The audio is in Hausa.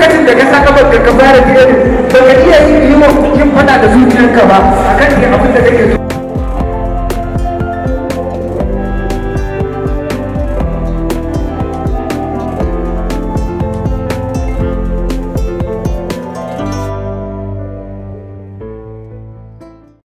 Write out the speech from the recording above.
lokacin da ka saka ba ka fara da ba ka iya yin yi wa yin fada da zuciyarka ba akan abin da kake so